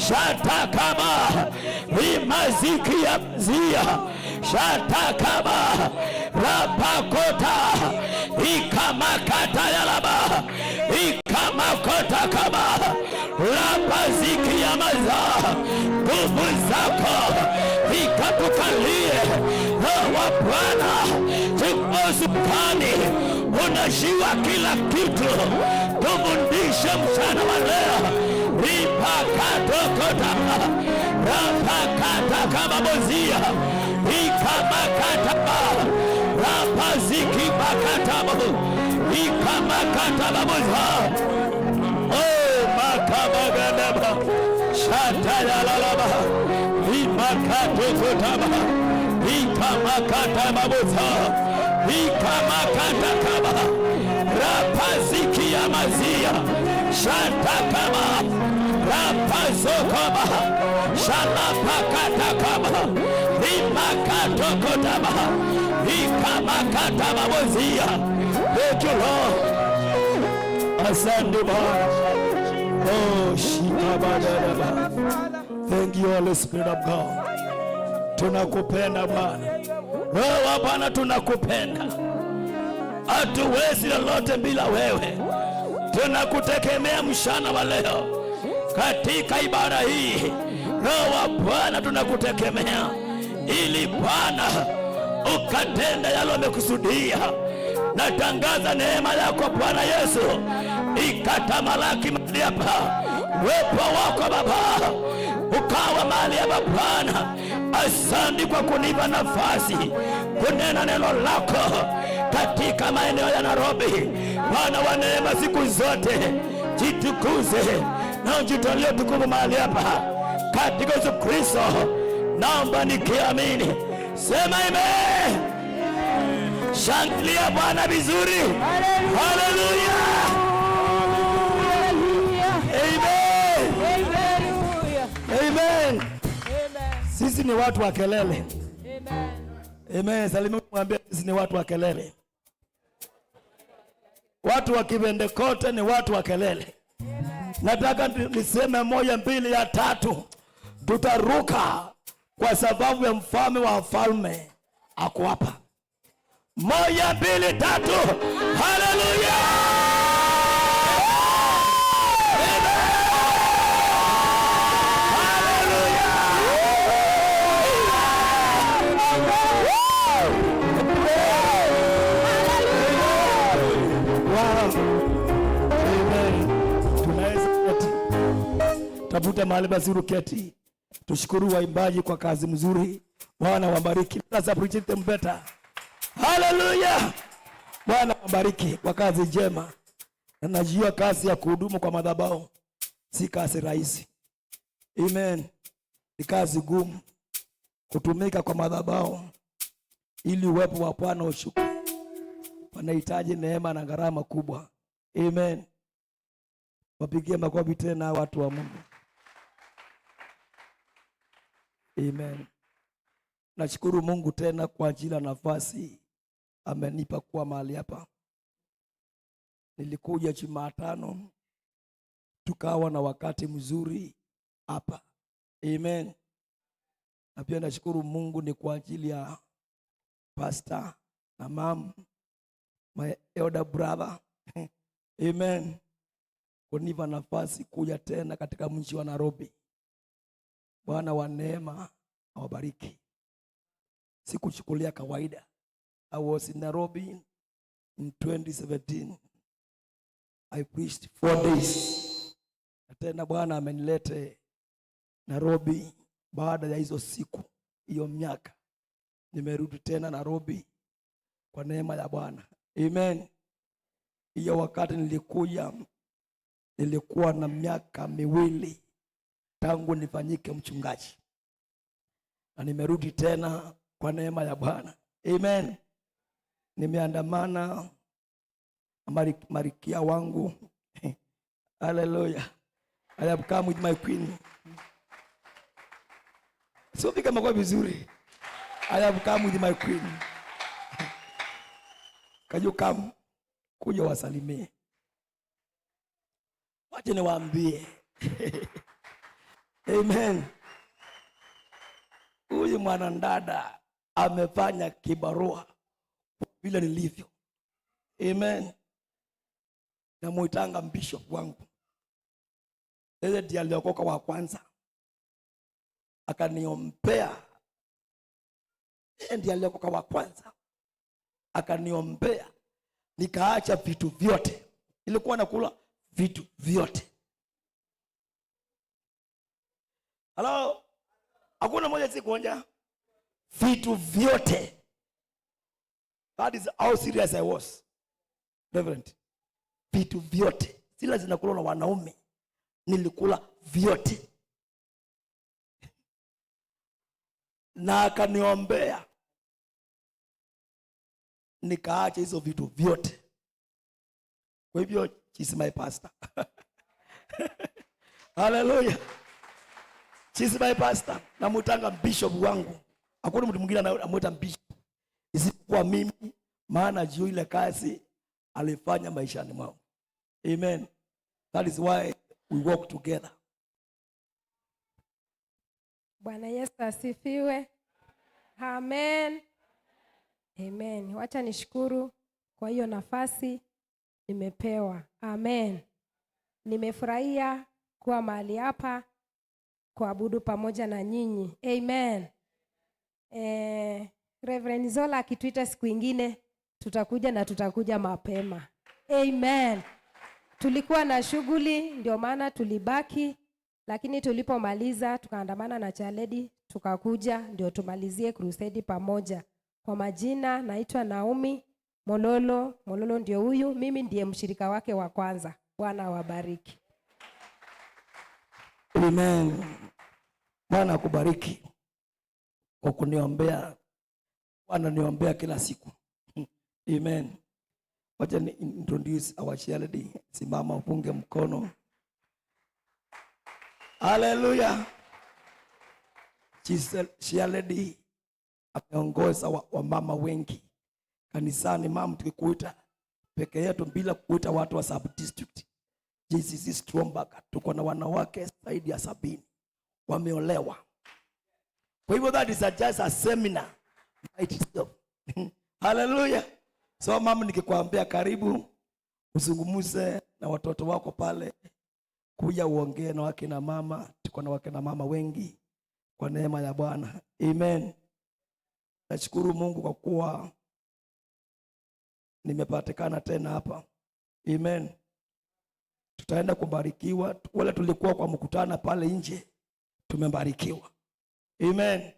shatakama limaziki ya mzia shata shatakama rapakota ikamakata yalaba ikamakota kama rapaziki ya maza nguvu zako ikatukalie hawa Bwana usipani unashiwa kila kitu, tufundishe mchana wa leo ripakatokotaka rapakatakababozia ikamakataba rapazikibakatabo ikamakatababoza oh, makabagadaba shatayalalaba rimakatokotaba ikamakatababoza ikamakataba rapazikiyamazia shatakaba rapazokaba shalapakatakaba limakatokotaba likamakatababoziya eculo asante Bwana. Oh, shikabadadaba Thank you Holy Spirit of God. Tunakupenda Bwana, wewe Bwana, tunakupenda, hatuwezi lolote bila wewe, tunakutegemea mshana wa leo katika ibada hii. Roho wa Bwana, tunakutegemea ili Bwana ukatenda yale amekusudia. Natangaza neema yako Bwana Yesu ikatamalaki mahali hapa. wepo wako Baba ukawa mahali hapa Bwana. Asante kwa kunipa nafasi kunena neno lako katika maeneo ya Nairobi. Bwana wa neema, siku zote jitukuze naojitolea tukufu mahali hapa katika Yesu Kristo, naomba nikiamini. Sema amen, shangilia Bwana vizuri, haleluya. Sisi ni watu wa kelele. Amen. Salimu mwambia sisi ni watu wa kelele. Watu wa Kipentekoste ni watu wa kelele. Nataka niseme moja, mbili ya tatu, tutaruka kwa sababu ya mfalme wa falme ako hapa. Moja, mbili, tatu, haleluya! tafuta mahali pazuri uketi. Tushukuru waimbaji kwa kazi mzuri. Bwana wabariki. Haleluya. Bwana wabariki kwa kazi njema. najua kazi ya kuhudumu kwa madhabahu si kazi rahisi. Amen. Ni kazi gumu kutumika kwa madhabahu ili uwepo wa Bwana ushuke. Wanahitaji neema na gharama kubwa. Amen. Wapigie makofi tena watu wa Mungu. Amen. Nashukuru Mungu tena kwa ajili ya nafasi amenipa kuwa mahali hapa. Nilikuja Jumatano tukawa na wakati mzuri hapa. Amen. Na pia nashukuru Mungu ni kwa ajili ya pastor na mam my elder brother Amen, kunipa nafasi kuja tena katika mji wa Nairobi. Bwana wa neema awabariki. Sikuchukulia kawaida. I was in Nairobi in 2017. I preached four days. Na tena Bwana amenilete Nairobi baada ya hizo siku hiyo miaka. Nimerudi tena Nairobi kwa neema ya Bwana. Amen. Hiyo wakati nilikuja nilikuwa na miaka miwili tangu nifanyike mchungaji na nimerudi tena kwa neema ya Bwana. Amen. Nimeandamana marikia wangu Hallelujah. I have come with my queen. Sio kama kwa vizuri. I have come with my queen. Can you come? Kuja wasalimie. Wacha niwaambie Amen. Huyu mwanadada amefanya kibarua vile nilivyo. Amen. Namuitanga bishop wangu, yeye ndiye aliokoka wa kwanza, akaniombea. Yeye ndiye aliokoka wa kwanza, akaniombea, nikaacha vitu vyote, nilikuwa nakula vitu vyote Halo, hakuna moja si kuonja vitu vyote. That is how serious I was Reverend. Vitu vyote Sila zinakula na wanaume, nilikula vyote na akaniombea nikaacha hizo vitu vyote. Kwa hivyo she's my pastor. Hallelujah sisi by pastor mutanga bishop wangu, hakuna mtu mwingine anamwita bishop isipokuwa mimi, maana juu ile kazi alifanya maishani mwao. Amen, that is why we walk together. Bwana Yesu asifiwe. Amen. Amen. Wacha nishukuru kwa hiyo nafasi nimepewa. Amen. Nimefurahia kuwa mahali hapa kuabudu pamoja na nyinyi amen. Eh, Reverend Zola akituita siku ingine tutakuja na tutakuja mapema amen. Tulikuwa na shughuli ndio maana tulibaki, lakini tulipomaliza tukaandamana na Chaledi tukakuja ndio tumalizie crusade pamoja. Kwa majina naitwa Naomi Mololo. Mololo ndio huyu, mimi ndiye mshirika wake wa kwanza. Bwana wabariki Amen. Bwana akubariki kwa kuniombea. Bwana niombea kila siku. Amen. Wacha ni introduce our charity. Simama upunge mkono. Haleluya. Shialedi ameongoza wamama wengi kanisani. Mama, tukikuita peke yetu bila kuita watu wa sub district JCC Stromberg tuko na wanawake zaidi ya sabini wameolewa. Kwa hivyo that is a just a seminar by itself. Hallelujah. So mama, nikikwambia karibu uzungumze na watoto wako pale, kuja uongee na na mama. Tuko na na mama wengi kwa neema ya Bwana, amen. Nashukuru Mungu kwa kuwa nimepatikana tena hapa, amen tutaenda kubarikiwa. Wale tulikuwa kwa mkutana pale nje tumebarikiwa, amen.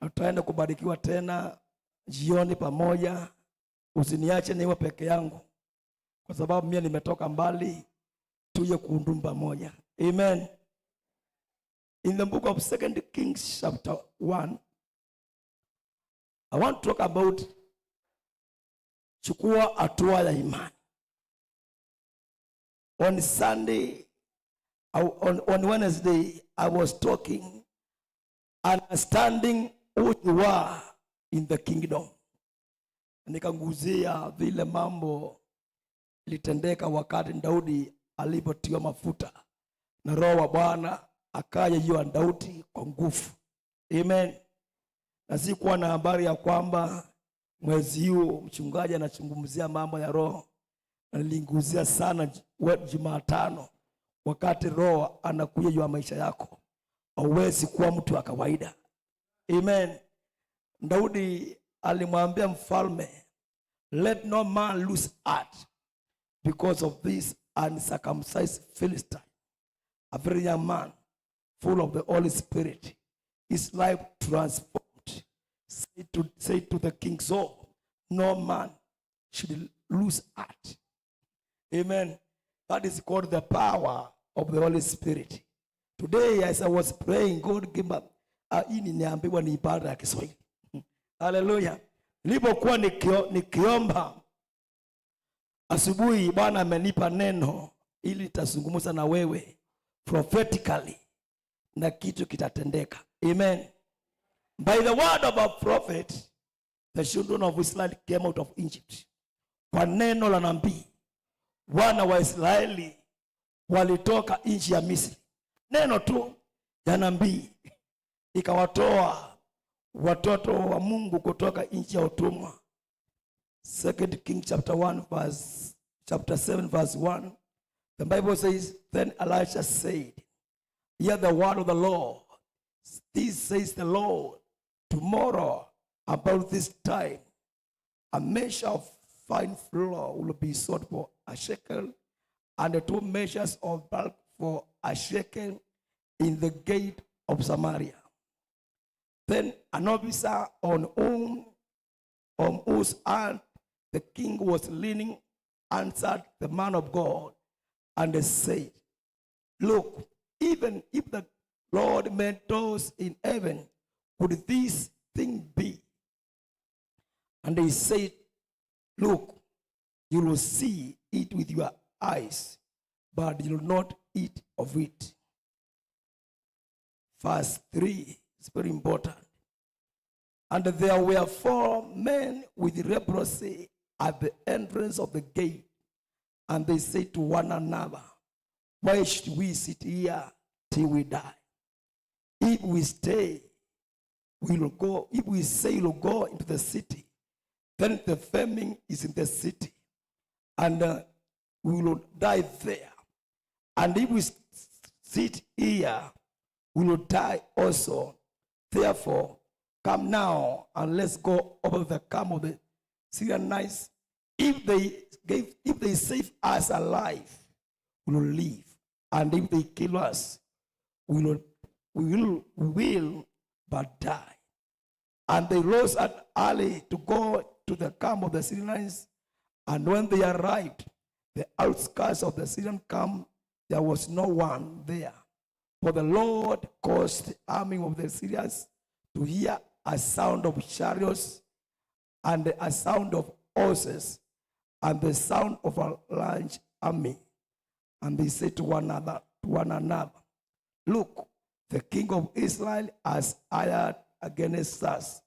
Tutaenda kubarikiwa tena jioni pamoja. Usiniache niwe peke yangu, kwa sababu mimi nimetoka mbali, tuje kuhudumu pamoja, amen. In the book of Second Kings chapter 1 I want to talk about chukua hatua ya imani. On Sunday, on, on Wednesday, I was talking understanding who you are in the kingdom. Nikanguzia vile mambo ilitendeka wakati Daudi alipotiwa mafuta na Roho wa Bwana akaja juu ya Daudi kwa nguvu. Amen. Na sikuwa na habari ya kwamba mwezi huu mchungaji anazungumzia mambo ya roho nilinguzia sana Jumatano, wakati Roho anakuja juu ya maisha yako, hauwezi kuwa mtu wa kawaida. Amen. Daudi alimwambia mfalme, let no man lose heart because of this uncircumcised Philistine, a very young man full of the Holy Spirit, his life transformed. Say to, say to the king so no man should lose heart Amen. That is called the power of the Holy Spirit. Today as I was praying God gave me ah, hii nimeambiwa ni ibada ya Kiswahili. Hallelujah. Nilipokuwa nikio, nikiomba asubuhi Bwana amenipa neno ili nitazungumza na wewe prophetically na kitu kitatendeka. Amen. By the word of a prophet the children of Israel came out of Egypt. Kwa neno la nabii wana wa Israeli walitoka nchi ya Misri. Neno tu ya nabii ikawatoa watoto wa Mungu kutoka nchi ya utumwa. Second King chapter 1 verse chapter 7 verse 1 the Bible says then Elisha said hear the word of the Lord this says the Lord tomorrow about this time a measure of fine flour will be sought for a shekel, and the two measures of bulk for a shekel in the gate of Samaria. Then an officer on whom on whose hand the king was leaning answered the man of God and said, Look, even if the Lord made those in heaven, could this thing be? And they said, Look, you will see it with your eyes, but you will not eat of it. Verse 3 is very important. And there were four men with leprosy at the entrance of the gate, and they said to one another, Why should we sit here till we die? If we stay, we will go. If we say we'll go into the city, then the famine is in the city and uh, we will die there. And if we sit here, we will die also. Therefore, come now and let's go over the camp of the Syrianites. If they gave, if they save us alive, we will live. And if they kill us, we will, we will, we will but die. And they rose at early to go to the camp of the Syrians and when they arrived, the outskirts of the Syrian camp, there was no one there. For the Lord caused the army of the Syrians to hear a sound of chariots and a sound of horses and the sound of a large army. And they said to one another, to one another, Look, the king of Israel has hired against us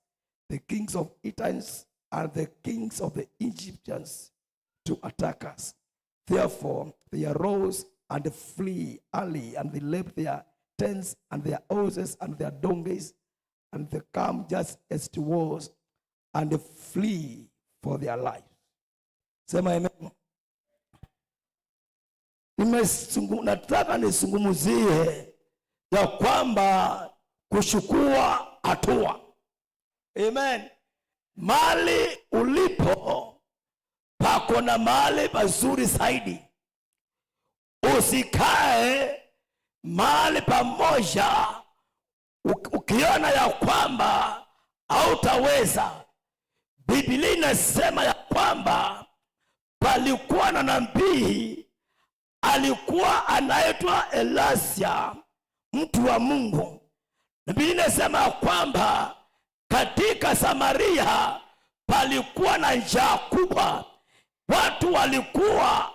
the kings of Etans are the kings of the Egyptians to attack us. Therefore, they arose and flee early, and they left their tents and their horses and their donkeys, and they come just as it was, and flee for their life. Sema amen. Nataka nisungumuzie ya kwamba kushukua hatua. Amen. Mali ulipo pako na mali pazuri zaidi. Usikae mali pamoja ukiona ya kwamba hautaweza. Biblia inasema ya kwamba palikuwa na nabii alikuwa anaitwa Elasia, mtu wa Mungu. bibilia inasema ya kwamba katika Samaria palikuwa na njaa kubwa, watu walikuwa